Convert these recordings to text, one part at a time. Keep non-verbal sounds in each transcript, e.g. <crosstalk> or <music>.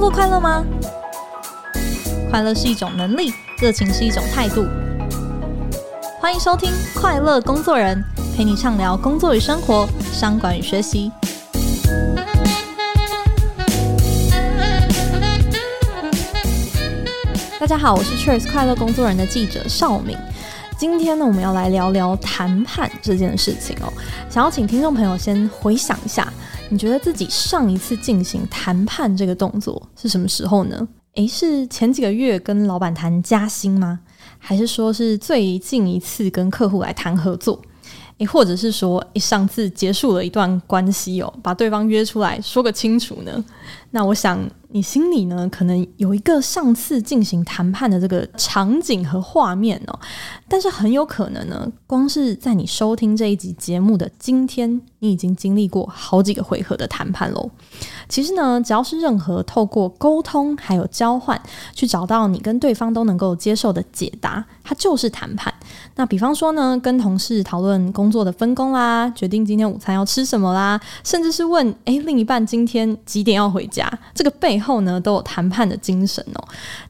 工作快樂嗎？快樂是一種能力，熱情是一種態度。歡迎收聽《快樂工作人》，陪你暢聊工作與生活、商管與學習。大家好，我是 Cheers 快樂工作人的記者紹敏。今天呢，我們要來聊聊談判這件事情哦。想要請聽眾朋友先回想一下。你覺得自己上一次進行談判這個動作是什麼時候呢？誒，是前幾個月跟老板談加薪嗎？還是說是最近一次跟客戶來談合作？誒，或者是說，上次結束了一段關係哦，把對方約出來說個清楚呢？那我想你心裡呢，可能有一個上次進行談判的這個場景和畫面喔，但是很有可能呢，光是在你收聽這一集節目的今天，你已經經歷過好幾個回合的談判嘍。其實呢，只要是任何透過溝通還有交換，去找到你跟對方都能夠接受的解答，它就是談判。那比方說呢，跟同事討論工作的分工啦，決定今天午餐要吃什麼啦，甚至是問欸，另一半今天幾點要回家？這個背後呢，都有談判的精神哦。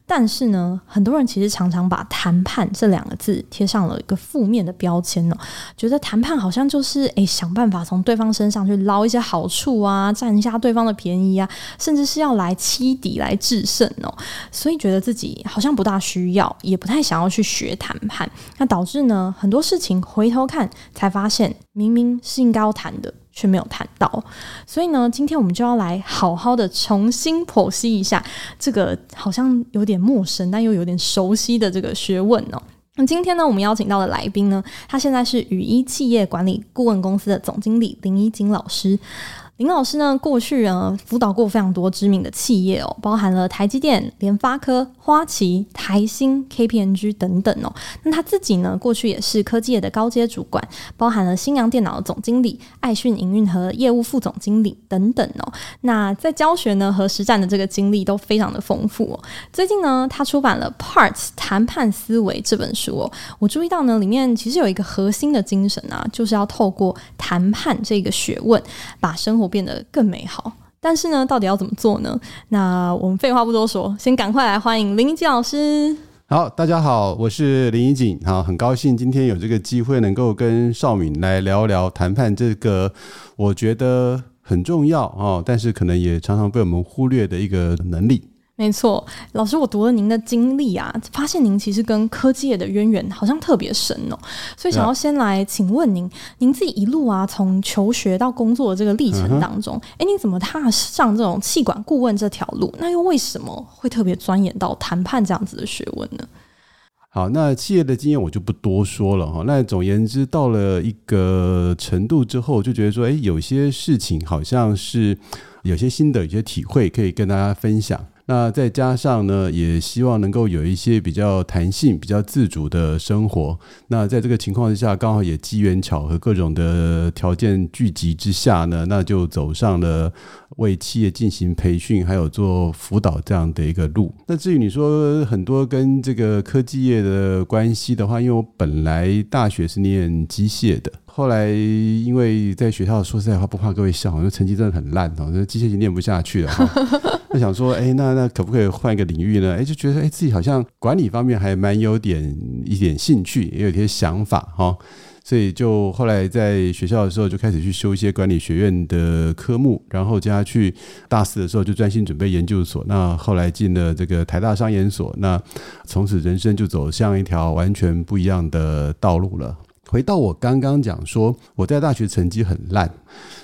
但是呢，很多人其實常常把“談判”這兩個字貼上了一個負面的標籤哦，覺得談判好像就是哎、欸，想辦法從對方身上去撈一些好處啊，佔一下對方的便宜啊，甚至是要來欺敵來制勝哦。所以覺得自己好像不大需要，也不太想要去學談判，那導致呢，很多事情回頭看才發現，明明是應該要談的。卻沒有談到，所以呢，今天我們就要來好好的重新剖析一下這個好像有點陌生，但又有點熟悉的這個學問哦。那今天呢，我們邀請到的來賓呢，他現在是宇一企業管理顧問公司的總經理林宜璟老師。林老師呢，過去呢輔導過非常多知名的企業哦，包含了台積電、聯發科、花旗、台新、KPMG 等等哦。那他自己呢過去也是科技業的高階主管，包含了新洋電腦的總經理、愛訊營運和業務副總經理等等哦。那在教學呢和實戰的這個經歷都非常的豐富哦。最近呢，他出版了《Parts 談判思維》這本書哦。我注意到呢，裡面其實有一個核心的精神啊，就是要透過談判這個學問，把生活變得更美好，但是呢，到底要怎麼做呢？那我們廢話不多說，先趕快來歡迎林宜璟老師。好，大家好，我是林宜璟啊，很高興今天有這個機會能夠跟紹敏來聊聊談判這個，我覺得很重要啊，但是可能也常常被我們忽略的一個能力。沒錯，老師，我讀了您的經歷啊，發現您其實跟科技業的淵源好像特別深哦、喔，所以想要先來請問您，您這一路啊，從求學到工作的這個歷程當中，哎、嗯，欸、你怎麼踏上這種企管顧問這條路？那又為什麼會特別鑽研到談判這樣子的學問呢？好，那企業的經驗我就不多說了哈。那總而言之，到了一個程度之後，就覺得說，哎、欸，有些事情好像是有些心得、有些體會可以跟大家分享。那再加上呢，也希望能夠有一些比較彈性、比較自主的生活。那在這個情況之下，剛好也機緣巧合，各種的條件聚集之下呢，那就走上了為企業進行培訓，還有做輔導這樣的一個路。那至於你說很多跟這個科技業的關係的話，因為我本來大學是唸機械的，後來因為在學校說實在話不怕各位笑，因為成績真的很爛哦，那機械已經唸不下去了。 <laughs> 他想說，哎、欸，那那可不可以換一個領域呢？哎、欸，就覺得哎、欸，自己好像管理方面還蠻有點一點興趣，也有一些想法哈。所以就後來在學校的時候就開始去修一些管理學院的科目，然後接下去大四的時候就專心準備研究所。那後來進了這個台大商研所，那從此人生就走向一條完全不一樣的道路了。回到我剛剛講說，我在大學成績很爛。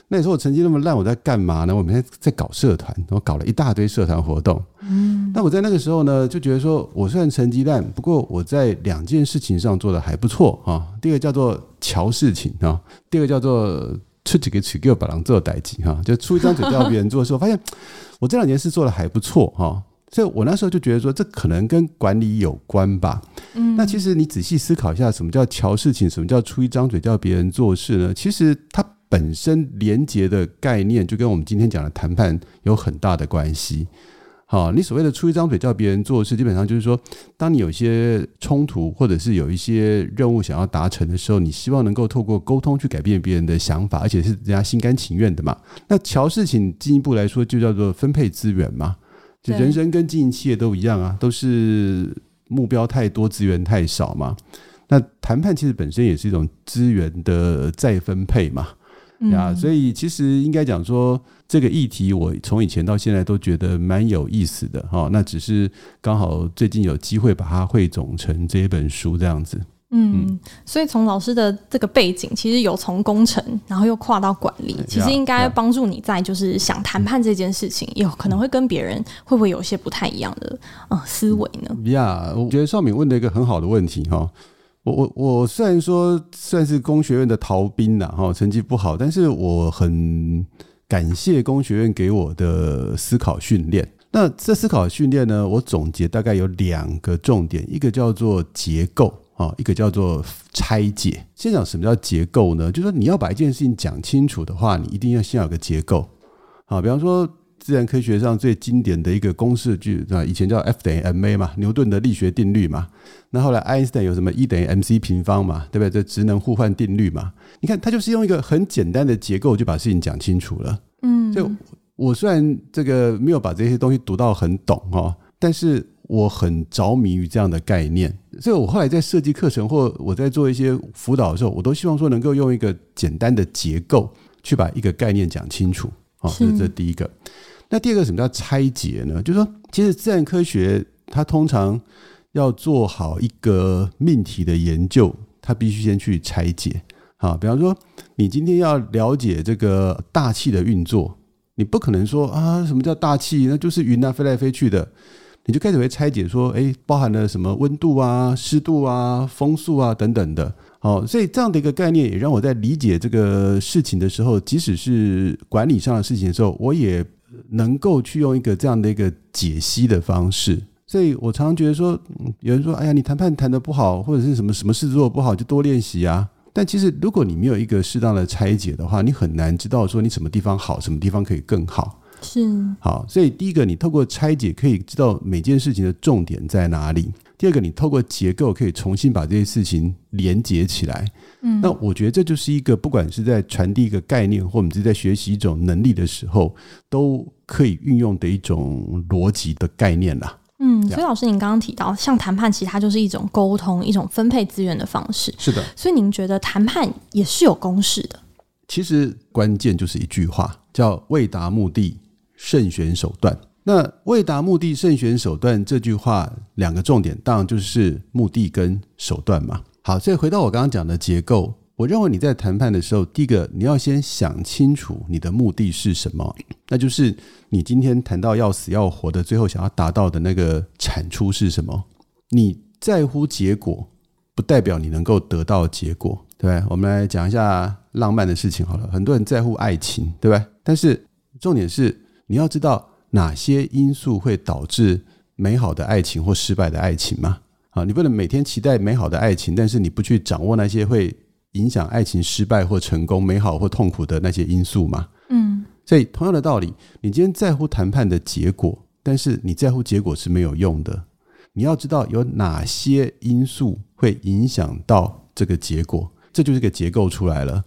那你說我成績那麼爛，我在幹嘛呢？我每天在搞社團，我搞了一大堆社團活動。嗯，那我在那個時候呢，就覺得說我雖然成績爛，不過我在兩件事情上做的還不錯啊、哦。第一個叫做喬事情啊、哦，第二個叫做出幾個嘴個把郎做代金哈，就出一張嘴叫別人做的時候，我發現我這兩件事做的還不錯哈、哦，所以我那時候就覺得說，這可能跟管理有關吧。嗯，那其實你仔細思考一下，什麼叫喬事情，什麼叫出一張嘴叫別人做事呢？其實他。本身連結的概念就跟我們今天講的談判有很大的關係。好，你所謂的出一張嘴叫別人做事，基本上就是說，當你有一些衝突或者是有一些任務想要達成的時候，你希望能夠透過溝通去改變別人的想法，而且是人家心甘情願的嘛。那喬事情進一步來說，就叫做分配資源嘛。就人生跟經營企業都一樣啊，都是目標太多，資源太少嘛。那談判其實本身也是一種資源的再分配嘛。呀、yeah, 嗯，所以其實應該講說，這個議題我從以前到現在都覺得蠻有意思的哈。那只是剛好最近有機會把它彙總成這一本書這樣子。嗯，嗯所以從老師的這個背景，其實有從工程，然後又跨到管理，yeah, 其實應該幫助你在就是想談判這件事情，yeah. 有可能會跟別人會不會有一些不太一樣的啊思維呢？呀、yeah,，我覺得紹敏問的一個很好的問題哈。我我我雖然說算是工學院的逃兵啦，哈，成績不好，但是我很感謝工學院給我的思考訓練。那這思考訓練呢，我總結大概有兩個重點，一個叫做結構啊，一個叫做拆解。先講什麼叫結構呢？就是說你要把一件事情講清楚的話，你一定要先有個結構啊。比方說。自然科學上最經典的一個公式句，對吧？以前叫 F 等於 ma 嘛，牛頓的力學定律嘛。那後，後來愛因斯坦有什麼 E 等於 mc 平方嘛，對不對？這質能互換定律嘛。你看，他就是用一個很簡單的結構就把事情講清楚了。嗯，就我雖然這個沒有把這些東西讀到很懂哦，但是我很着迷於這樣的概念。所以，我後來在設計課程或我在做一些輔導的時候，我都希望說能夠用一個簡單的結構去把一個概念講清楚。好、嗯，就是、這是第一個。那第二個什麼叫拆解呢？就是說，其實自然科學它通常要做好一個命題的研究，它必須先去拆解。好比方說，你今天要了解這個大氣的運作，你不可能說啊，什麼叫大氣？那就是雲啊，飛來飛去的。你就開始會拆解說，哎，包含了什麼溫度啊、濕度啊、風速啊等等的。好，所以這樣的一個概念也讓我在理解這個事情的時候，即使是管理上的事情的時候，我也。能夠去用一個這樣的一個解析的方式，所以我常常覺得說，有人說，哎呀，你談判談得不好，或者是什麼什麼事做不好，就多練習啊。但其實，如果你沒有一個適當的拆解的話，你很難知道說你什麼地方好，什麼地方可以更好。是好，所以第一個，你透過拆解可以知道每件事情的重點在哪裡。第二個，你透過結構可以重新把這些事情連接起來。嗯，那我覺得這就是一個，不管是在傳遞一個概念，或我們是在學習一種能力的時候，都可以運用的一種邏輯的概念啦。嗯，所以老師，您剛剛提到，像談判，其實它就是一種溝通、一種分配資源的方式。是的，所以您覺得談判也是有公式的？其實關鍵就是一句話，叫“為達目的，慎選手段”。那為達目的，慎選手段這句話，兩個重點當然就是目的跟手段嘛。好，所以回到我剛剛講的結構，我認為你在談判的時候，第一個你要先想清楚你的目的是什麼，那就是你今天談到要死要活的，最後想要達到的那個產出是什麼？你在乎結果，不代表你能夠得到結果，對吧？我們來講一下浪漫的事情好了，很多人在乎愛情，對不對？但是重點是你要知道。哪些因素會導致美好的愛情或失敗的愛情嗎？啊，你不能每天期待美好的愛情，但是你不去掌握那些會影響愛情失敗或成功、美好或痛苦的那些因素嗎？嗯，所以同樣的道理，你今天在乎談判的結果，但是你在乎結果是沒有用的。你要知道有哪些因素會影響到這個結果，這就是一個結構出來了。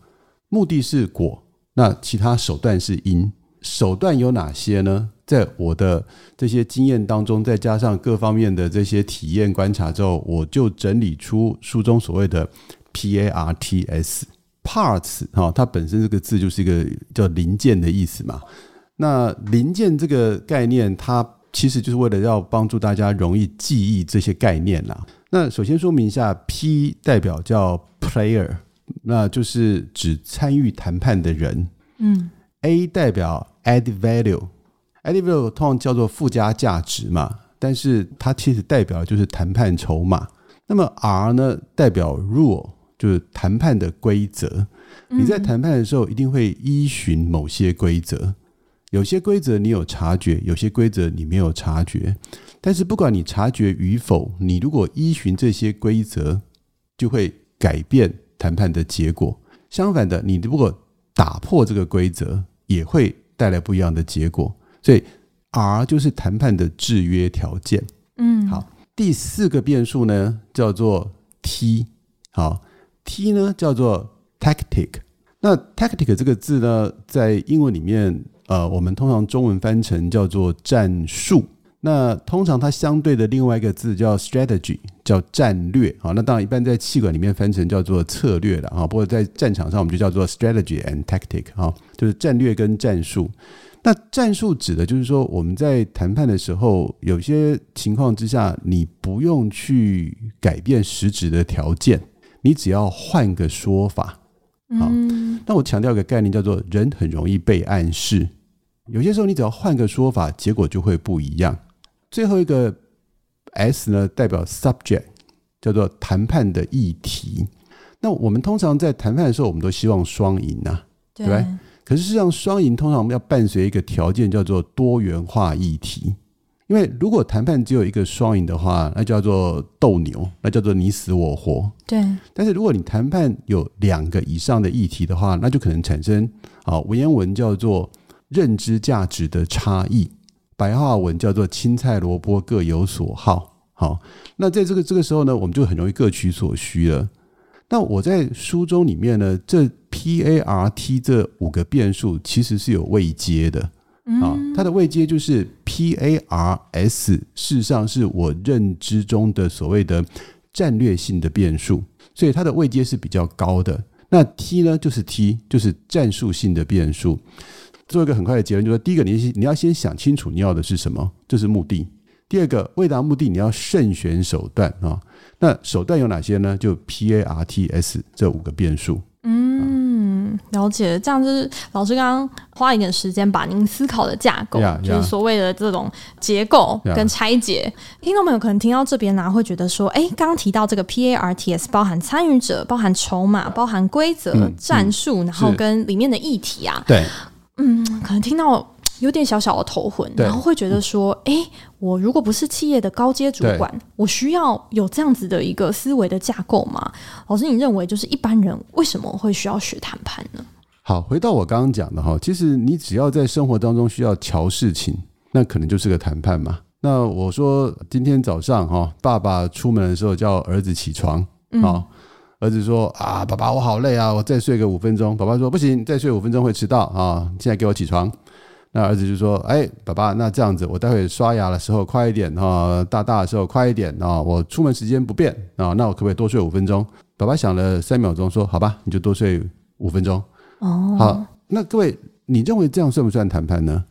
目的是果，那其他手段是因，手段有哪些呢？在我的這些經驗當中，再加上各方面的這些體驗觀察之後，我就整理出書中所謂的 P A R T S parts 哈、哦，它本身這個字就是一個叫零件的意思嘛。那零件這個概念，它其實就是為了要幫助大家容易記憶這些概念啦。那首先說明一下，P 代表叫 player，那就是指參與談判的人。嗯，A 代表 add value。Added value 通常叫做附加價值嘛，但是它其實代表的就是談判籌碼。那麼 R 呢，代表 rule，就是談判的規則。你在談判的時候一定會依循某些規則，有些規則你有察覺，有些規則你沒有察覺。但是不管你察覺與否，你如果依循這些規則，就會改變談判的結果。相反的，你如果打破這個規則，也會帶來不一樣的結果。所以，R 就是談判的制約條件。嗯，好，第四個變數呢叫做 T，好，T 呢叫做 tactic。那 tactic 這個字呢，在英文裡面，呃，我們通常中文翻成叫做戰術。那通常它相對的另外一個字叫 strategy，叫戰略。好，那當然一般在企管裡面翻成叫做策略的。好，不過在戰場上我們就叫做 strategy and tactic。好，就是戰略跟戰術。那戰術指的就是說，我們在談判的時候，有些情況之下，你不用去改變實質的條件，你只要換個說法。好，嗯，那我強調一個概念，叫做人很容易被暗示。有些時候，你只要換個說法，結果就會不一樣。最後一個 S 呢，代表 Subject，叫做談判的議題。那我們通常在談判的時候，我們都希望雙贏啊，對不對？可是實際上，雙贏通常我們要伴隨一個條件，叫做多元化議題。因為如果談判只有一個雙贏的話，那叫做鬥牛，那叫做你死我活。對。但是如果你談判有兩個以上的議題的話，那就可能產生，好，文言文叫做認知價值的差異，白話文叫做青菜蘿蔔各有所好。好，那在這個這個時候呢，我們就很容易各取所需了。那我在書中裡面呢，這。P A R T 這五個變數其實是有位階的啊，它的位階就是 P A R S，事實上是我認知中的所謂的戰略性的變數，所以它的位階是比較高的。那 T 呢，就是 T，就是戰術性的變數。做一個很快的結論，就是說第一個，你你要先想清楚你要的是什麼，這是目的。第二個，為達目的，你要慎選手段啊。那手段有哪些呢？就 P A R T S 這五個變數，嗯。了解，這樣就是老師剛剛花一點時間把您思考的架構，yeah, yeah. 就是所謂的這種結構跟拆解。Yeah. 聽眾朋友可能聽到這邊呢，啊，會覺得說：“哎，剛提到這個 P A R T S，包含參與者，包含籌碼，包含規則、嗯、戰術，然後跟裡面的議題啊。”對，嗯，可能聽到。有點小小的頭昏，然後會覺得說：“哎、欸，我如果不是企業的高階主管，我需要有這樣子的一個思維的架構嗎？”老師，你認為就是一般人為什麼會需要學談判呢？好，回到我剛剛講的哈，其實你只要在生活當中需要喬事情，那可能就是個談判嘛。那我說今天早上哈，爸爸出門的時候叫兒子起床，好、嗯，兒子說：“啊，爸爸，我好累啊，我再睡個五分鐘。”爸爸說：“不行，再睡五分鐘會遲到啊，現在給我起床。”那兒子就說：“哎、欸，爸爸，那這樣子，我待會刷牙的時候快一點啊、哦，大大的時候快一點啊、哦，我出門時間不變啊、哦，那我可不可以多睡五分鐘？”爸爸想了三秒鐘，說：“好吧，你就多睡五分鐘。”哦，好。那各位，你認為這樣算不算談判呢？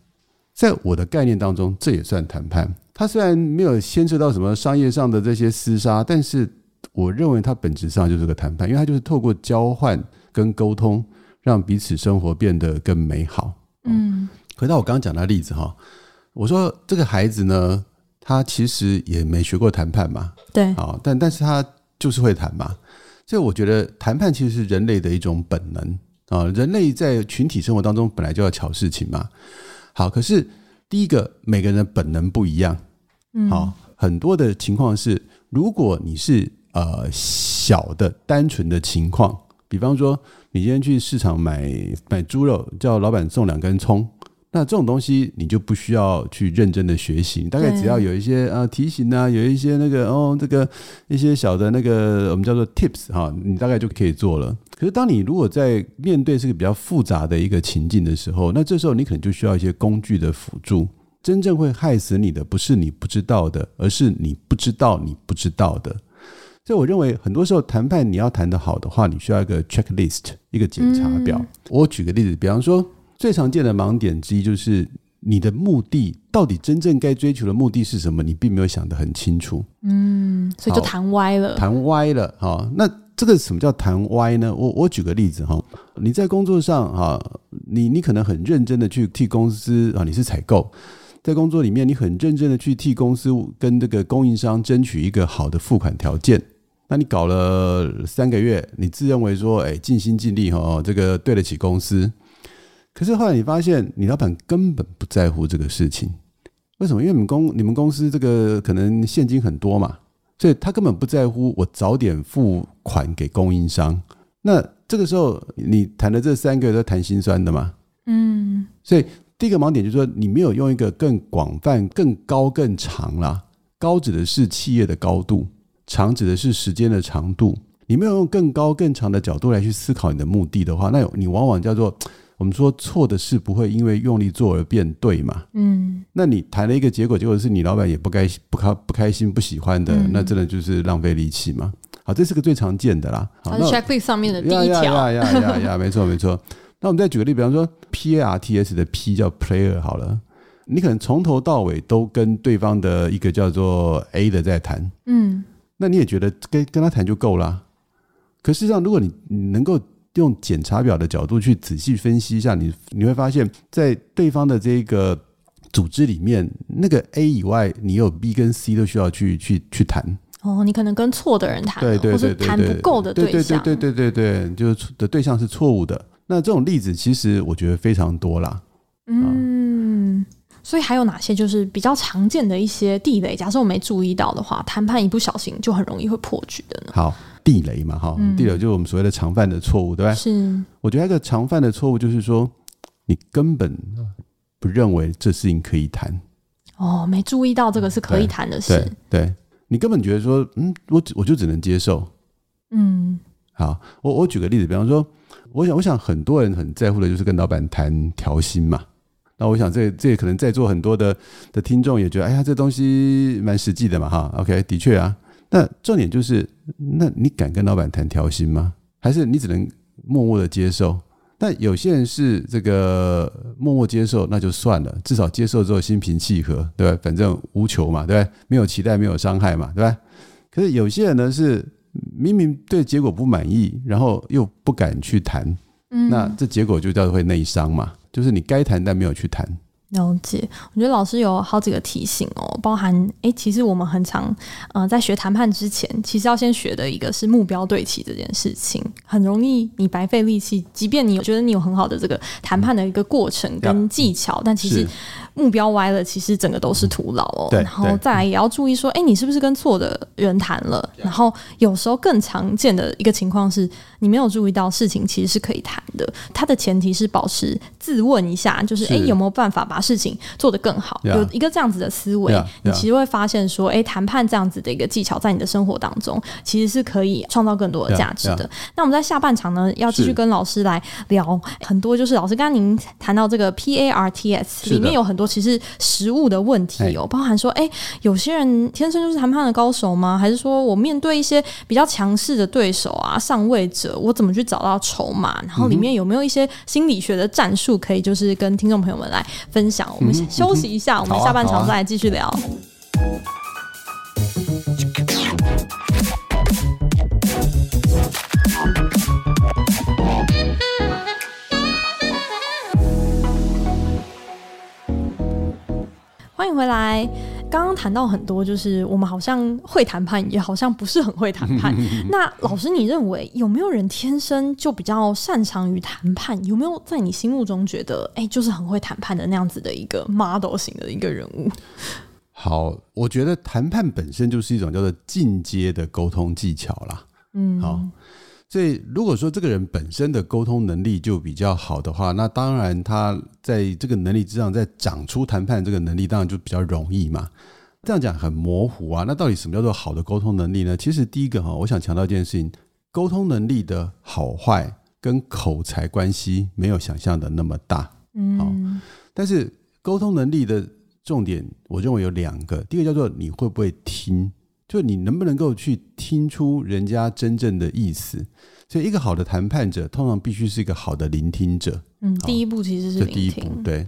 在我的概念當中，這也算談判。他雖然沒有牽涉到什麼商業上的這些廝殺，但是我認為它本質上就是個談判，因為它就是透過交換跟溝通，讓彼此生活變得更美好。哦、嗯。回到我剛剛講的例子哈，我說這個孩子呢，他其實也沒學過談判嘛，對，啊，但但是他就是會談嘛。所以我覺得談判其實是人類的一種本能啊，人類在群體生活當中本來就要喬事情嘛。好，可是第一個每個人的本能不一樣，嗯，好，很多的情況是，如果你是呃小的單純的情況，比方說你今天去市場買買豬肉，叫老闆送兩根蔥。那這種東西你就不需要去認真的學習，你大概只要有一些啊提醒啊，有一些那個哦，這個一些小的那個我們叫做 tips 哈，你大概就可以做了。可是當你如果在面對這個比較複雜的一個情境的時候，那這時候你可能就需要一些工具的輔助。真正會害死你的不是你不知道的，而是你不知道你不知道的。所以我認為很多時候談判你要談得好的話，你需要一個 checklist，一個檢查表。嗯。我舉個例子，比方說。最常見的盲點之一就是你的目的，到底真正該追求的目的是什麼？你並沒有想得很清楚。嗯，所以就談歪了。談歪了，哈，那這個什麼叫談歪呢？我我舉個例子哈，你在工作上哈，你你可能很認真的去替公司啊，你是採購，在工作裡面你很認真的去替公司跟這個供應商爭取一個好的付款條件。那你搞了三個月，你自認為說，欸，盡心盡力哈，這個對得起公司。可是後來你發現，你老闆根本不在乎這個事情，為什麼？因為你們公你們公司這個可能現金很多嘛，所以他根本不在乎我早點付款給供應商。那這個時候你談的這三個月都談心酸的嘛？嗯。所以第一個盲點就是說，你沒有用一個更廣泛、更高、更長啦。高指的是企業的高度，長指的是時間的長度。你沒有用更高、更長的角度來去思考你的目的的話，那你往往叫做。我們說錯的事不會因為用力做而變對嘛？嗯，那你談了一個結果，結果是你老闆也不開不開不開心不喜歡的，嗯，那真的就是浪費力氣嘛？好，這是個最常見的啦。好，好 checklist 上面的第一條，呀呀呀呀，呀，呀，呀， <laughs> 沒錯沒錯。那我們再舉個例，比方說 P A R T S 的 P 叫 player 好了，你可能從頭到尾都跟對方的一個叫做 A 的在談，嗯，那你也覺得跟跟他談就夠啦。可是事實上，如果你你能夠用檢查表的角度去仔細分析一下，你你會發現在對方的這個組織裡面，那個 A 以外，你有 B 跟 C 都需要去去去談。哦，你可能跟錯的人談，對對對對對對，談不夠的對，對對對對對對對，就是的對象是錯誤的。那這種例子其實我覺得非常多啦。嗯。啊所以還有哪些，就是比較常見的一些地雷？假設我沒注意到的話，談判一不小心就很容易會破局的呢？好，地雷嘛，哈、嗯，地雷就是我們所謂的常犯的錯誤，對吧？是，我覺得一個常犯的錯誤就是說，你根本不認為這事情可以談。哦，沒注意到這個是可以談的事，對，對,對。你根本覺得說，嗯，我我就只能接受。嗯，好，我我舉個例子，比方說，我想我想很多人很在乎的就是跟老闆談調薪嘛。那我想這，這這可能在座很多的的聽眾也覺得，哎呀，這東西蠻實際的嘛，哈，OK，的確啊。那重點就是，那你敢跟老板談調薪嗎？還是你只能默默的接受？但有些人是這個默默接受，那就算了，至少接受之後心平氣和，對吧？反正無求嘛，對吧？沒有期待，沒有傷害嘛，對吧？可是有些人呢，是明明對結果不滿意，然後又不敢去談，那這結果就叫做會內傷嘛。嗯就是你該談但沒有去談，了解。我覺得老師有好幾個提醒哦，包含誒、欸。其實我們很常呃，在學談判之前，其實要先學的一個是目標對齊這件事情，很容易你白費力氣。即便你覺得你有很好的這個談判的一個過程跟技巧，但其實。嗯嗯目標歪了，其實整個都是徒勞哦。對，然後再來也要注意說，欸，你是不是跟錯的人談了？然後有時候更常見的一個情況是，你沒有注意到事情其實是可以談的。它的前提是保持自問一下，就是欸，有沒有辦法把事情做得更好？有一個這樣子的思維，你其實會發現說，欸，談判這樣子的一個技巧在你的生活當中其實是可以創造更多的價值的。那我們在下半場呢，要繼續跟老師來聊很多，就是老師剛剛您談到這個 P A R T S 裡面有很多。其實，實務的問題有、欸、包含說，哎、欸，有些人天生就是談判的高手嗎？還是說我面對一些比較強勢的對手啊、上位者，我怎麼去找到籌碼？然後裡面有沒有一些心理學的戰術可以，就是跟聽眾朋友們來分享？嗯、我們先休息一下，嗯、我們下半場再繼續聊。歡迎回來。剛剛談到很多，就是我們好像會談判，也好像不是很會談判。 <laughs> 那老師，你認為有沒有人天生就比較擅長於談判？有沒有在你心目中覺得，哎、欸，就是很會談判的那樣子的一個 model 型的一個人物？好，我覺得談判本身就是一種叫做進階的溝通技巧啦。嗯，好。所以，如果說這個人本身的溝通能力就比較好的話，那當然他在這個能力之上再長出談判這個能力，當然就比較容易嘛。這樣講很模糊啊。那到底什麼叫做好的溝通能力呢？其實第一個哈，我想強調一件事情：溝通能力的好壞跟口才關係沒有想象的那麼大。嗯。但是溝通能力的重點，我認為有兩個。第一個叫做你會不會聽。就你能不能夠去聽出人家真正的意思？所以一個好的談判者通常必須是一個好的聆聽者。嗯，第一步其實是、哦、第一步，對。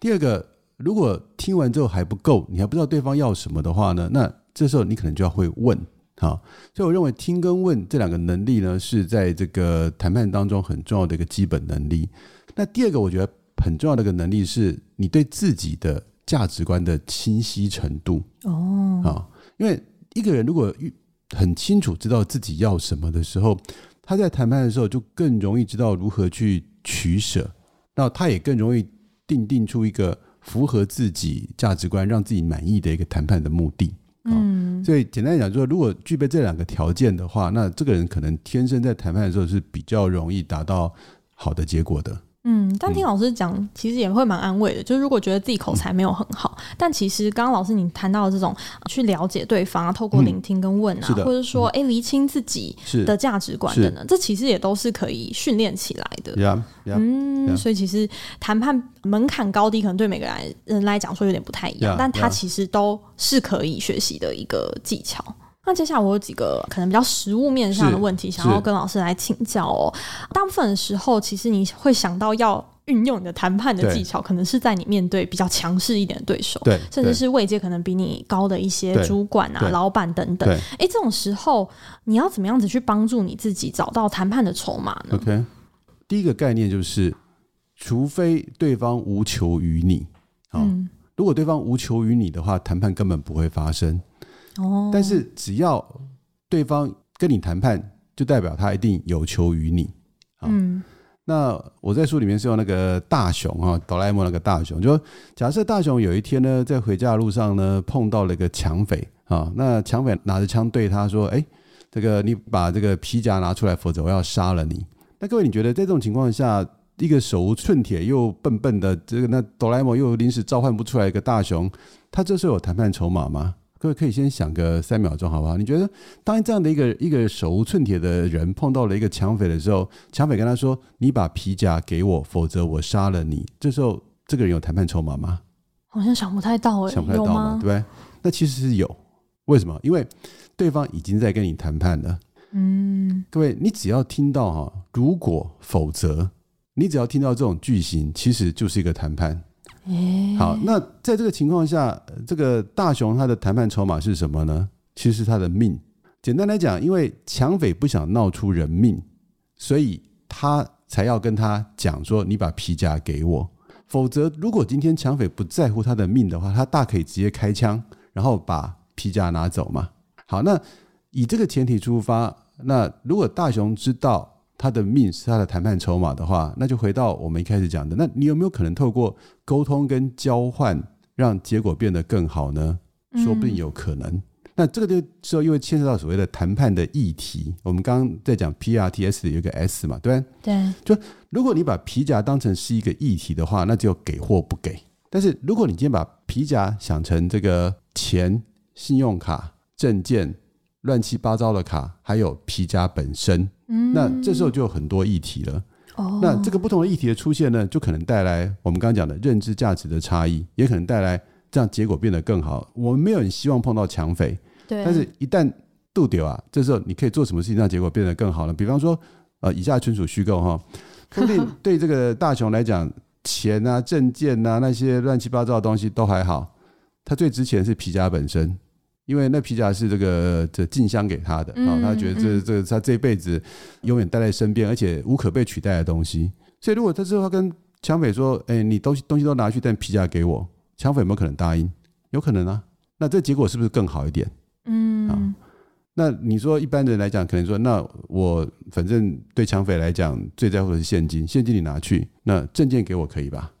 第二個，如果聽完之後還不夠，你還不知道對方要什麼的話呢？那這時候你可能就要會問哈、哦。所以我認為聽跟問這兩個能力呢，是在這個談判當中很重要的一個基本能力。那第二個我覺得很重要的一個能力是你對自己的價值觀的清晰程度。哦，好、哦，因為。一個人如果很清楚知道自己要什麼的時候，他在談判的時候就更容易知道如何去取捨，那他也更容易定定出一個符合自己價值觀、讓自己滿意的一個談判的目的。嗯，哦，所以簡單講說，如果具備這兩個條件的話，那這個人可能天生在談判的時候是比較容易達到好的結果的。嗯，但聽老師講、嗯，其實也會蠻安慰的，就是如果覺得自己口才沒有很好，嗯、但其實剛剛老師你談到的這種、啊、去了解對方啊，透過聆聽跟問啊，嗯、或者說哎、嗯欸、釐清自己的價值觀等等，這其實也都是可以訓練起來的。嗯，所以其實談判門檻高低，可能對每個人來人來講說有點不太一樣，但它其實都是可以學習的一個技巧。那接下來我有幾個可能比較實務面上的問題，想要跟老師來請教哦、喔。大部分的時候，其實你會想到要運用你的談判的技巧，可能是在你面對比較強勢一點的對手，甚至是位階可能比你高的一些主管啊、老闆等等。哎，這種時候你要怎麼樣子去幫助你自己找到談判的籌碼呢？OK，第一個概念就是，除非對方無求於你，哦、嗯，如果對方無求於你的話，談判根本不會發生。哦，但是只要對方跟你談判，就代表他一定有求於你。嗯，那我在書裡面是有那個大雄啊，哆啦 A 夢那個大雄，就說假設大雄有一天呢，在回家的路上呢，碰到了一個搶匪啊、哦，那搶匪拿着槍對他說：“哎、欸，這個你把這個皮夾拿出來，否則我要殺了你。”那各位，你覺得在這種情況下，一個手無寸鐵又笨笨的這個那哆啦 A 夢又臨時召喚不出來的一個大雄，他這是有談判籌碼嗎？各位可以先想個三秒鐘，好不好？你覺得，當這樣的一個一個手無寸鐵的人碰到了一個搶匪的時候，搶匪跟他說：“你把皮夾給我，否則我殺了你。”這時候，這個人有談判籌碼嗎？好像想不太到誒、欸，想不太到了，對不對？那其實是有，為什麼？因為對方已經在跟你談判了。嗯，各位，你只要聽到哈，如果否則，你只要聽到這種句型，其實就是一個談判。好，那在這個情況下，這個大雄他的談判籌碼是什麼呢？其實是他的命。簡單來講，因為搶匪不想鬧出人命，所以他才要跟他講說：“你把皮夾給我，否則如果今天搶匪不在乎他的命的話，他大可以直接開槍，然後把皮夾拿走嘛。”好，那以這個前提出發，那如果大雄知道。他的命是他的談判籌碼的話，那就回到我們一開始講的，那你有沒有可能透過溝通跟交換，讓結果變得更好呢？說不定有可能。嗯、那這個就之後又會牽涉到所謂的談判的議題。我們剛剛在講 PARTS 有一個 S 嘛，對吧？對。就如果你把皮夾當成是一個議題的話，那就給或不給。但是如果你今天把皮夾想成這個錢、信用卡、證件、亂七八糟的卡，還有皮夾本身。嗯、那這時候就有很多議題了，哦。那這個不同的議題的出現呢，就可能帶來我們剛剛講的認知價值的差異，也可能帶來讓結果變得更好。我們沒有很希望碰到搶匪，但是一旦渡丟啊，這時候你可以做什麼事情讓結果變得更好呢？比方說，呃，以下純屬虛構哈，肯定對，這個大雄來講，錢啊、證件啊那些亂七八糟的東西都還好，他最值錢是皮夾本身。因為那皮夾是這個這靜香給他的啊、嗯嗯哦，他覺得這這他這一輩子永遠帶在身邊，而且無可被取代的東西。所以如果他之後他跟搶匪說：“誒、哎，你東西東西都拿去，但皮夾給我。”搶匪有沒有可能答應？有可能啊。那這結果是不是更好一點？嗯啊、哦。那你說一般人來講，可能說那我反正對搶匪來講最在乎的是現金，現金你拿去，那證件給我可以吧？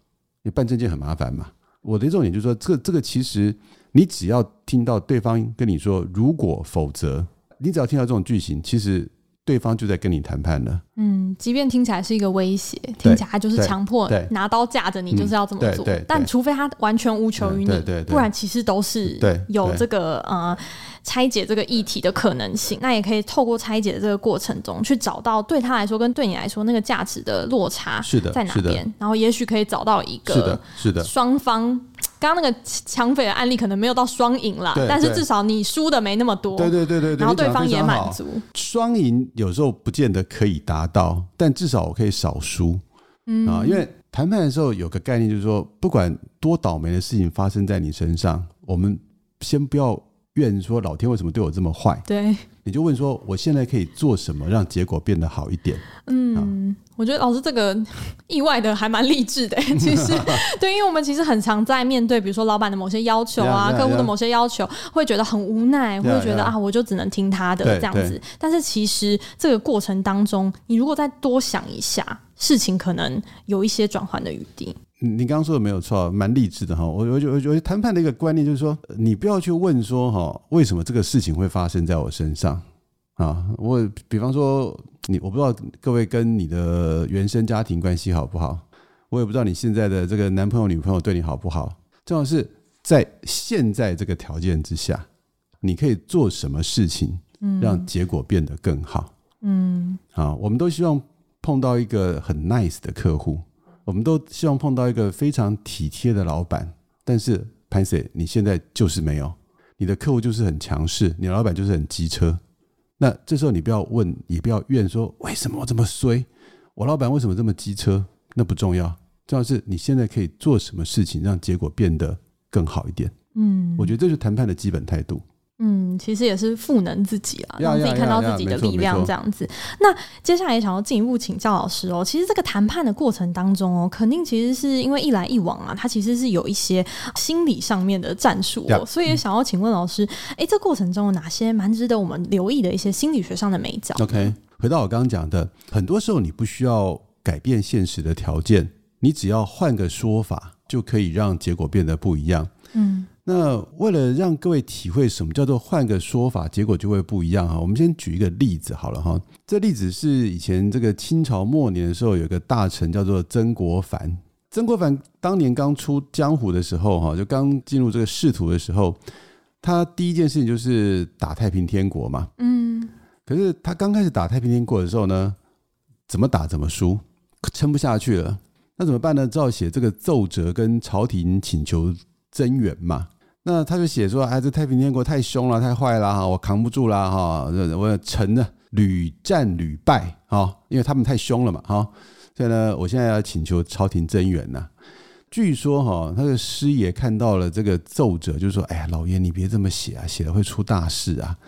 你辦證件很麻煩嘛。我的一重點就是說，這個、這個其實。你只要聽到對方跟你說“如果否則”，你只要聽到這種句型，其實對方就在跟你談判了。嗯，即便聽起來是一個威脅，聽起來就是強迫，拿刀架着你，就是要這麼做。但除非他完全無求於你，不然其實都是有這個呃拆解這個議題的可能性。那也可以透過拆解的這個過程中，去找到對他來說跟對你來說那個價值的落差是的在哪邊，然後也許可以找到一個是的，是的，雙方。剛剛那個搶匪的案例可能沒有到雙贏了，但是至少你輸的沒那麼多，對對對對，然後對方也滿足。雙贏有時候不見得可以達到，但至少我可以少輸，嗯，啊，因為談判的時候有個概念就是說，不管多倒霉的事情發生在你身上，我們先不要。怨說老天為什麼對我這麼壞？對、嗯，你就問說我現在可以做什麼讓結果變得好一點？啊、嗯，我覺得老師這個意外的還蠻勵志的、欸。其實， <laughs> 對，因為我們其實很常在面對，比如說老闆的某些要求啊，yeah, yeah, yeah. 客戶的某些要求，會覺得很無奈，yeah, yeah. 會覺得啊，我就只能聽他的這樣子 yeah, yeah. 但是其實這個過程當中，你如果再多想一下，事情可能有一些轉換的餘地。你你剛剛說的沒有錯，蠻勵志的哈。我就我就我談判的一個觀念就是說，你不要去問說哈，為什麼這個事情會發生在我身上啊？我比方說你，我不知道各位跟你的原生家庭關係好不好，我也不知道你現在的這個男朋友女朋友對你好不好。重要是在現在這個條件之下，你可以做什麼事情讓結果變得更好。嗯，啊、嗯，我們都希望碰到一個很 nice 的客戶。我們都希望碰到一個非常體貼的老闆，但是潘 Sir，你現在就是沒有，你的客戶就是很強勢，你老闆就是很機車。那這時候你不要問，也不要怨說，說為什麼我這麼衰，我老闆為什麼這麼機車？那不重要，重要是你現在可以做什麼事情讓結果變得更好一點。嗯，我覺得這就是談判的基本態度。嗯，其實也是賦能自己啦，yeah, yeah, yeah, yeah, 讓自己看到自己的力量這樣子。那接下來也想要進一步請教老師哦、喔。其實這個談判的過程當中哦、喔，肯定其實是因為一來一往啊，它其實是有一些心理上面的戰術哦、喔。Yeah, 所以也想要請問老師，哎、嗯欸，這過程中有哪些蠻值得我們留意的一些心理學上的眉角？OK，回到我剛剛講的，很多時候你不需要改變現實的條件，你只要換個說法就可以讓結果變得不一樣。嗯。那為了讓各位體會什麼叫做換個說法，結果就會不一樣啊。我們先舉一個例子好了哈。這例子是以前這個清朝末年的時候，有個大臣叫做曾國藩。曾國藩當年剛出江湖的時候哈，就剛進入這個仕途的時候，他第一件事情就是打太平天國嘛。嗯。可是他剛開始打太平天國的時候呢，怎麼打怎麼輸，撐不下去了。那怎麼辦呢？只好寫這個奏摺跟朝廷請求增援嘛。那他就寫說：“哎，這太平天國太凶了，太壞了哈，我扛不住了哈，我成了屢戰屢敗哈，因為他們太凶了嘛哈。所以呢，我現在要請求朝廷增援吶，啊。據說哈，他的師爺看到了這個奏折，就說：‘哎呀，老爺，你別這麼寫啊，寫了會出大事啊。’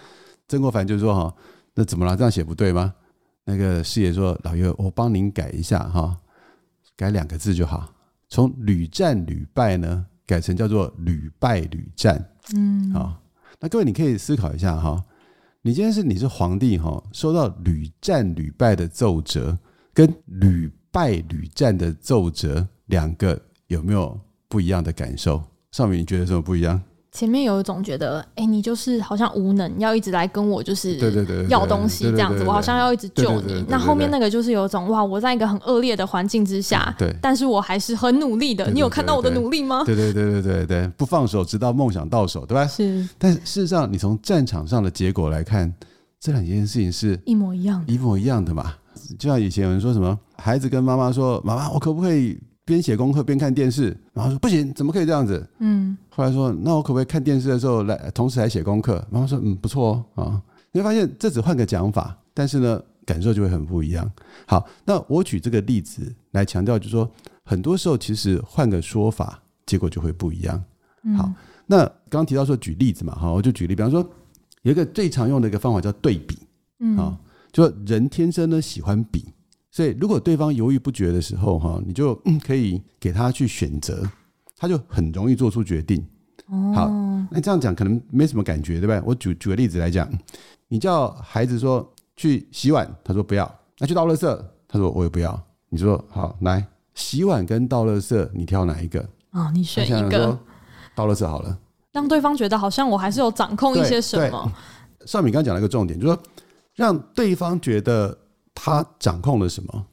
曾國藩就說：‘哈，那怎麼了？這樣寫不對嗎？’那個師爺說：‘老爺，我幫您改一下哈，改兩個字就好，從屢戰屢敗呢。’改成叫做屢敗屢戰，嗯，好，那各位你可以思考一下哈、哦，你今天是你是皇帝哈、哦，收到屢戰屢敗的奏折，跟屢敗屢戰的奏折兩個，有沒有不一樣的感受？上面你覺得有什麼不一樣？前面有一種覺得，哎、欸，你就是好像無能，要一直來跟我就是對對對要東西這樣子對對對對對對，我好像要一直救你對對對對對對對對。那後面那個就是有一種哇，我在一個很惡劣的環境之下，對，對，對，對，對，但是我還是很努力的。你有看到我的努力嗎？對對對對對對，不放手直到夢想到手，對吧？是。但事實上，你從戰場上的結果來看，這兩件事情是一模一樣的一模一樣的，一模一樣的嘛。就像以前有人說什麼，孩子跟媽媽說：“媽媽，我可不可以？”邊寫功課邊看電視，然後說不行，怎麼可以這樣子？嗯，後來說那我可不可以看電視的時候來，同時還寫功課？然後說嗯，不錯哦，啊、哦，你會發現這只換個講法，但是呢感受就會很不一樣。好，那我舉這個例子來強調就是，就說很多時候其實換個說法，結果就會不一樣。嗯、好，那剛剛提到說舉例子嘛，好，我就舉例，比方說有一個最常用的一個方法叫對比，嗯，啊、哦，就說人天生呢喜歡比。對，如果對方猶豫不決的時候，哈，你就可以給他去選擇，他就很容易做出決定。哦、好，那這樣講可能沒什麼感覺，對吧？我舉舉個例子來講，你叫孩子說去洗碗，他說不要，那去倒垃圾他說我也不要。你說好，來洗碗跟倒垃圾你挑哪一個？啊、哦，你選一個，倒垃圾好了，讓對方覺得好像我還是有掌控一些什麼。紹敏剛講了一個重點，就說、是、讓對方覺得。他掌控了什麼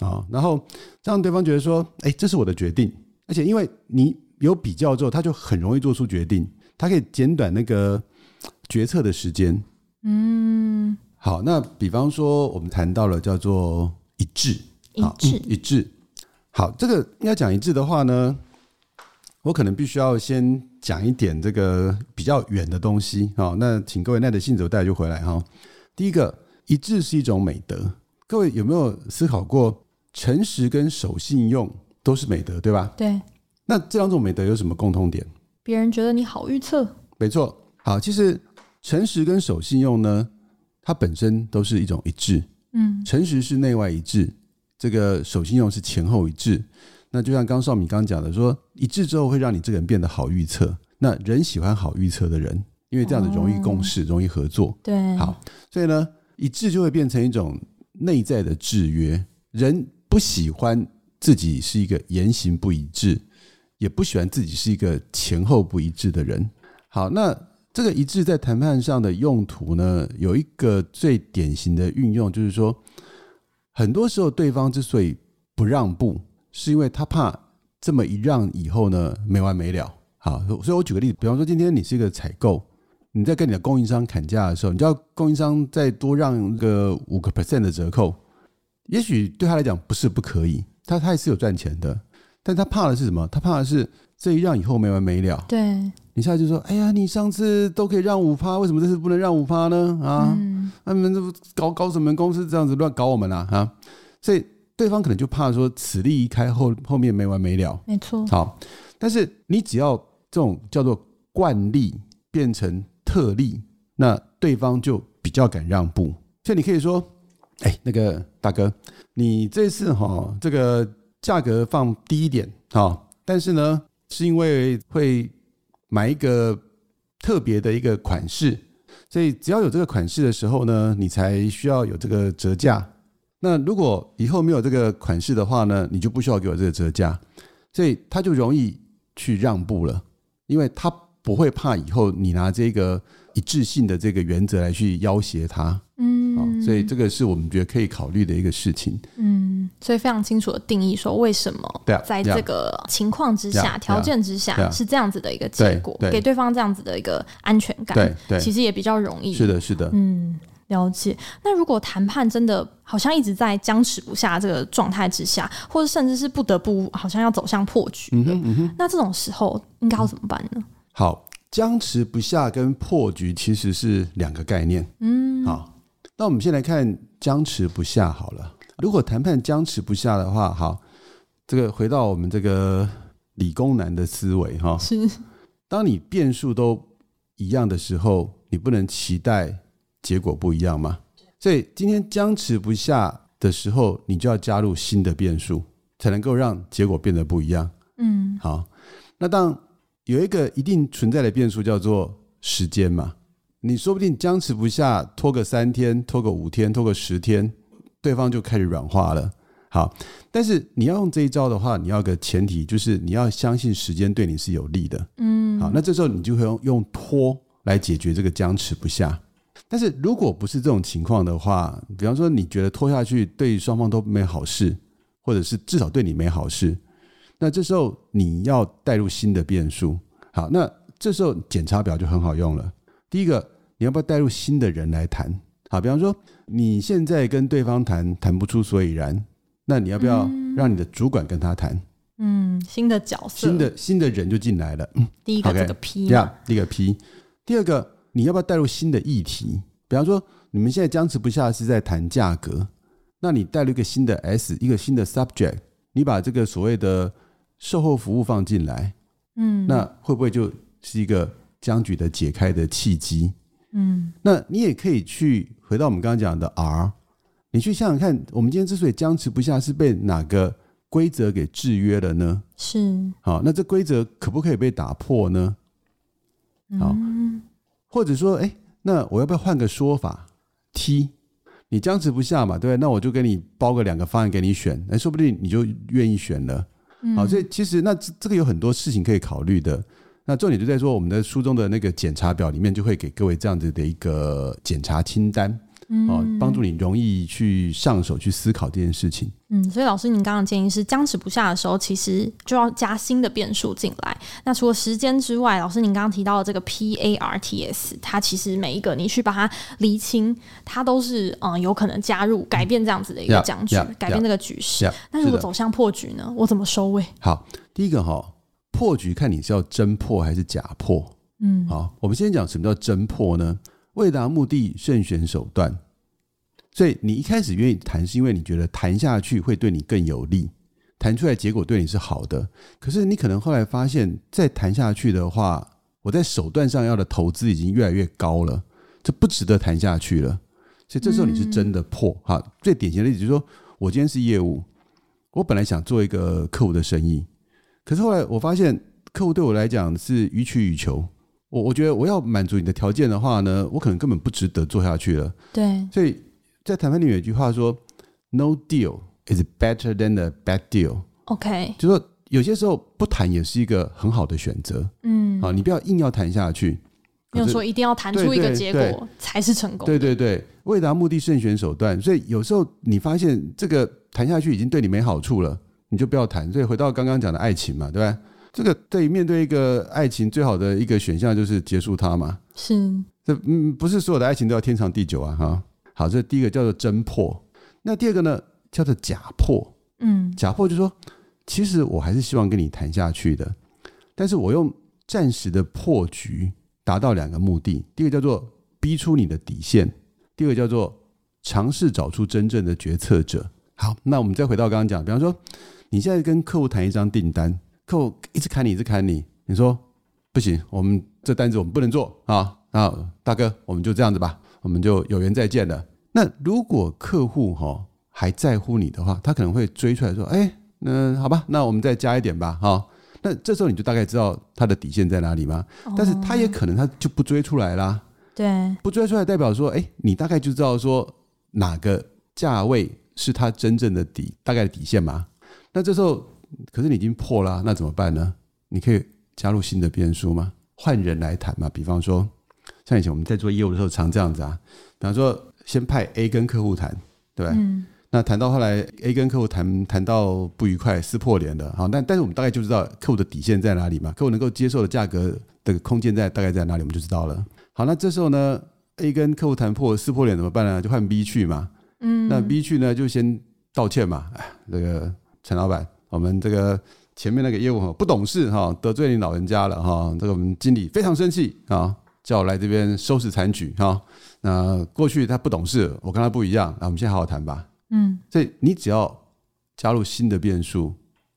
啊、哦？然後讓對方覺得說：“哎、欸，這是我的決定。”而且因為你有比較之後，他就很容易做出決定。他可以簡短那個決策的時間。嗯，好。那比方說，我們談到了叫做一致，一致、嗯，一致。好，這個要講一致的話呢，我可能必須要先講一點這個比較遠的東西好、哦，那請各位耐著性子，我待會就回來哈、哦。第一個，一致是一種美德。各位有沒有思考過，誠實跟守信用都是美德，對吧？對。那這兩種美德有什麼共通點？別人覺得你好預測。沒錯。好，其實誠實跟守信用呢，它本身都是一種一致。嗯。誠實是內外一致，這個守信用是前後一致。那就像剛紹敏剛講的說，說一致之後會讓你這個人變得好預測。那人喜歡好預測的人，因為這樣子容易共事、哦，容易合作。對。好，所以呢，一致就會變成一種。內在的制約，人不喜歡自己是一個言行不一致，也不喜歡自己是一個前後不一致的人。好，那這個一致在談判上的用途呢，有一個最典型的運用，就是說，很多時候對方之所以不讓步，是因為他怕這麼一讓以後呢，沒完沒了。好，所以我舉個例子，比方說今天你是一個採購。你在跟你的供應商砍價的時候，你叫供應商再多讓個五個 percent 的折扣，也許對他來講不是不可以，他他也是有賺錢的，但他怕的是什麼？他怕的是這一讓以後沒完沒了。對，你現在就說，哎呀，你上次都可以讓五趴，為什麼這次不能讓五趴呢？啊，你們這不搞搞什麼公司這樣子亂搞我們啊，啊？所以對方可能就怕說此例一開後後面沒完沒了。沒錯，好，但是你只要這種叫做慣例變成特例，那對方就比較敢讓步，所以你可以說：“哎、欸，那個大哥，你這次哈、哦，這個價格放低一點、哦，但是呢，是因為會買一個特別的一個款式，所以只要有這個款式的時候呢，你才需要有這個折價。那如果以後沒有這個款式的話呢，你就不需要給我這個折價。所以他就容易去讓步了，因為他。”不會怕以後你拿這個一致性的這個原則來去要挾他，嗯，所以這個是我們覺得可以考慮的一個事情，嗯，所以非常清楚的定義說為什麼在這個情況之下、條件之下是這樣子的一個結果，給對方這樣子的一個安全感，對，對，其實也比較容易，是的，是的，嗯，了解。那如果談判真的好像一直在僵持不下這個狀態之下，或者甚至是不得不好像要走向破局，那這種時候應該要怎麼辦呢？嗯嗯嗯嗯嗯嗯哦嗯嗯好，僵持不下跟破局其實是兩個概念。嗯，好，那我們先來看僵持不下好了。如果談判僵持不下的話，好，這個回到我們這個理工男的思維哈。是，當你變數都一樣的時候，你不能期待結果不一樣嗎？所以今天僵持不下的時候，你就要加入新的變數，才能夠讓結果變得不一樣。嗯，好，那當。有一個一定存在的變數叫做時間嘛。你說不定僵持不下，拖個三天、拖個五天、拖個十天，對方就開始軟化了。好，但是你要用這一招的話，你要有個前提，就是你要相信時間對你是有利的。嗯，好，那這時候你就會用用拖來解決這個僵持不下。但是如果不是這種情況的話，比方說你覺得拖下去對於雙方都沒好事，或者是至少對你沒好事。那這時候你要帶入新的變數，好，那這時候檢查表就很好用了。第一個，你要不要帶入新的人來談？好，比方說你現在跟對方談談不出所以然，那你要不要讓你的主管跟他談？嗯，嗯，新的角色，新的新的人就進來了，嗯。第一個這個 P，第、okay, yeah, 一個 P。第二個，你要不要帶入新的議題？比方說你們現在僵持不下是在談價格，那你帶入一個新的 S，一個新的 subject，你把這個所謂的。售後服務放進來，嗯，那會不會就是一個僵局的解開的契機？嗯，那你也可以去回到我們剛剛講的 R，你去想想看，我們今天之所以僵持不下，是被哪個規則給制約了呢？是，好，那這規則可不可以被打破呢？好，嗯、或者說，哎、欸，那我要不要換個說法 T？你僵持不下嘛，對不對，那我就給你包個兩個方案給你選，那、哎、說不定你就願意選了。好，所以其實那這這個有很多事情可以考慮的。那重點就在說，我們的書中的那個檢查表裡面，就會給各位這樣子的一個檢查清單。嗯，喔、幫助你容易去上手去思考這件事情。嗯，所以老師，您剛剛的建議是僵持不下的時候，其實就要加新的變數進來。那除了時間之外，老師您剛剛提到的這個 P A R T S，它其實每一個你去把它釐清，它都是嗯、呃、有可能加入改變這樣子的一個僵局，嗯、yeah, yeah, yeah, 改變這個局勢。Yeah, yeah, 那如果走向破局呢，yeah, 我怎麼收尾、欸？好，第一個哈、喔，破局看你是要真破還是假破。嗯，好，我們先講什麼叫真破呢？為達目的，慎選手段。所以你一開始願意談，是因為你覺得談下去會對你更有利，談出來結果對你是好的。可是你可能後來發現，再談下去的話，我在手段上要的投資已經越來越高了，這不值得談下去了。所以這時候你是真的破局。最典型的例子就是說，我今天是業務，我本來想做一個客戶的生意，可是後來我發現客戶對我來講是予取予求。我我覺得我要滿足你的條件的話呢，我可能根本不值得做下去了。對，所以在談判裡面有一句話說 “No deal is better than a bad deal” okay。OK，就是、說有些時候不談也是一個很好的選擇。嗯，好、啊，你不要硬要談下去，沒有、就是、說一定要談出一個結果對對對才是成功的。對對對，為達目的慎選手段。所以有時候你發現這個談下去已經對你沒好處了，你就不要談。所以回到剛剛講的愛情嘛，對吧？這個對面對一個愛情最好的一個選項就是結束它嘛，是？是、嗯、這不是所有的愛情都要天長地久啊！哈，好，這第一個叫做真破，那第二個呢叫做假破。嗯，假破就是說其實我還是希望跟你談下去的，但是我用暫時的破局達到兩個目的：第一個叫做逼出你的底線，第二個叫做嘗試找出真正的決策者。好，那我們再回到剛剛講，比方說你現在跟客戶談一張訂單。客戶一直砍你，一直砍你，你說不行，我們這單子我們不能做啊啊！大哥，我們就這樣子吧，我們就有緣再見了。那如果客戶哈、哦、還在乎你的話，他可能會追出來說：“哎、欸，嗯、呃，好吧，那我們再加一點吧。”哈，那這時候你就大概知道他的底線在哪裡嗎？但是他也可能他就不追出來啦。哦、對，不追出來代表說：“哎、欸，你大概就知道說哪個價位是他真正的底，大概的底線嗎？”那這時候。可是你已經破了啊，那怎麼辦呢？你可以加入新的變數嗎？換人來談嘛。比方說，像以前我們在做業務的時候，常這樣子啊。比方說，先派 A 跟客戶談，對吧？嗯。那談到後來，A 跟客戶談談到不愉快，撕破臉的，好，但但是我們大概就知道客戶的底線在哪裡嘛。客戶能夠接受的價格的空間在大概在哪裡，我們就知道了。好，那這時候呢，A 跟客戶談破、撕破臉怎麼辦呢？就換 B 去嘛。嗯。那 B 去呢，就先道歉嘛。哎，那、這個陳老闆。我們這個前面那個業務哈，不懂事哈，得罪你老人家了哈。這個我們經理非常生氣啊，叫我來這邊收拾殘局哈。那過去他不懂事，我跟他不一樣。那我們先好好談吧。嗯，所以你只要加入新的變數，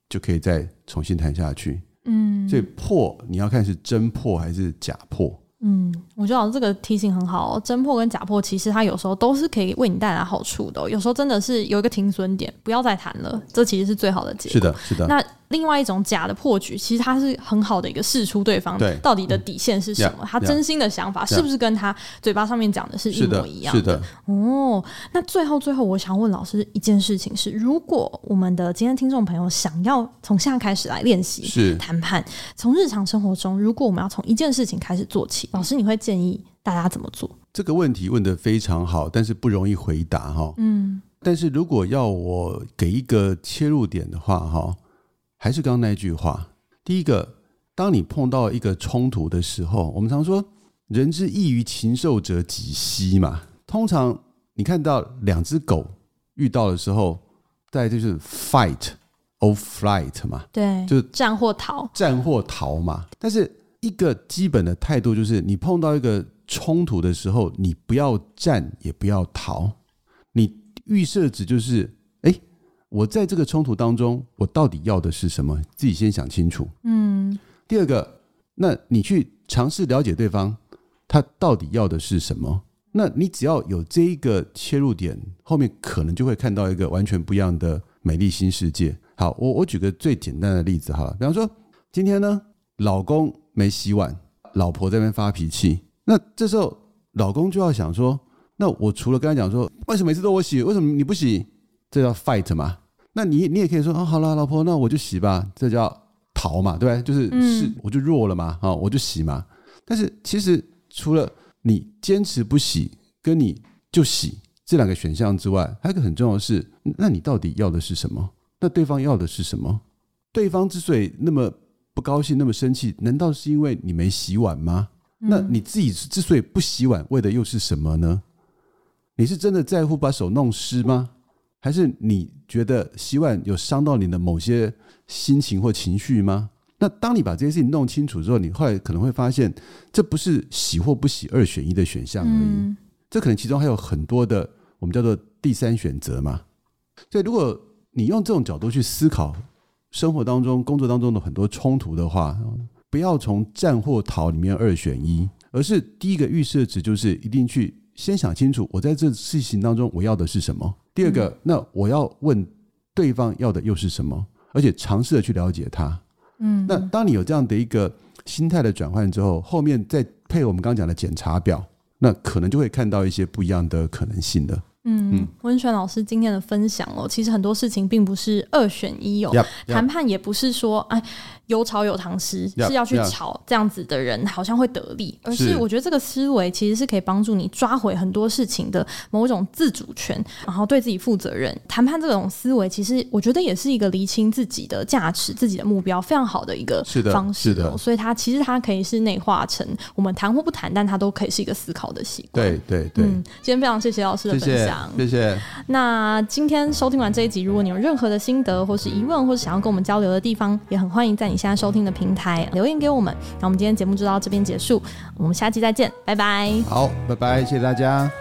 就可以再重新談下去。嗯，所以破，你要看是真破還是假破。嗯，我覺得老師這個提醒很好哦。真破跟假破，其實它有時候都是可以為你帶來好處的哦。有時候真的是有一個停損點，不要再談了，這其實是最好的結果。是的，是的。另外一種假的破局，其實它是很好的一個試出對方到底的底線是什麼，嗯，他真心的想法是不是跟他嘴巴上面講的是一模一樣的。是的，是的。哦，那最後最後，我想問老師一件事情是：是如果我們的今天聽眾朋友想要從現在開始來練習談判，從日常生活中，如果我們要從一件事情開始做起，老師你會建議大家怎麼做？這個問題問得非常好，但是不容易回答哈、哦。嗯，但是如果要我給一個切入點的話，哈。還是剛剛那句話，第一個，當你碰到一個衝突的時候，我們常說“人之異於禽獸者幾希”嘛。通常你看到兩隻狗遇到的時候，大概就是 fight or flight 嘛，對，就戰或逃，戰或逃嘛。但是一個基本的態度就是，你碰到一個衝突的時候，你不要戰，也不要逃，你預設值就是。我在這個衝突當中，我到底要的是什麼？自己先想清楚。嗯，第二個，那你去嘗試了解對方，他到底要的是什麼？那你只要有這一個切入點，後面可能就會看到一個完全不一樣的美麗新世界。好，我我舉個最簡單的例子好了，比方說今天呢，老公沒洗碗，老婆在那邊發脾氣，那這時候老公就要想說，那我除了跟他講說，為什麼每次都我洗？為什麼你不洗？這叫 fight 嘛，那你你也可以說啊，好啦，老婆，那我就洗吧，這叫逃嘛，對不對？就是、嗯、是我就弱了嘛，啊，我就洗嘛。但是其實除了你堅持不洗，跟你就洗這兩個選項之外，還有一個很重要的是，那你到底要的是什麼？那對方要的是什麼？對方之所以那麼不高興、那麼生氣，難道是因為你沒洗碗嗎？那你自己之所以不洗碗，為的又是什麼呢？你是真的在乎把手弄濕嗎？還是你覺得洗碗有傷到你的某些心情或情緒嗎？那當你把這些事情弄清楚之後，你後來可能會發現，這不是洗或不洗二選一的選項而已。嗯、這可能其中還有很多的我們叫做第三選擇嘛。所以，如果你用這種角度去思考生活當中、工作當中的很多衝突的話，不要從戰或逃裡面二選一，而是第一個預設值就是一定去先想清楚，我在這事情當中我要的是什麼。第二個，那我要問對方要的又是什麼？而且嘗試的去了解他，嗯，那當你有這樣的一個心態的轉換之後，後面再配我們剛講的檢查表，那可能就會看到一些不一樣的可能性了。嗯，溫泉老師今天的分享哦，其實很多事情並不是二選一哦，談、嗯嗯、判也不是說哎有吵有糖吃、嗯、是要去吵這樣子的人、嗯、好像會得利、嗯，而是我覺得這個思維其實是可以幫助你抓回很多事情的某種自主權，然後對自己負責任。談判這種思維其實我覺得也是一個釐清自己的價值、自己的目標非常好的一個方式。是的，是的，所以他其實他可以是內化成我們談或不談，但他都可以是一個思考的習慣。對對對，嗯，今天非常謝謝老師的分享。謝謝謝謝。那今天收聽完這一集，如果你有任何的心得，或是疑問，或是想要跟我們交流的地方，也很歡迎在你現在收聽的平台留言給我們。那我們今天節目就到這邊結束，我們下期再見，拜拜。好，拜拜，謝謝大家。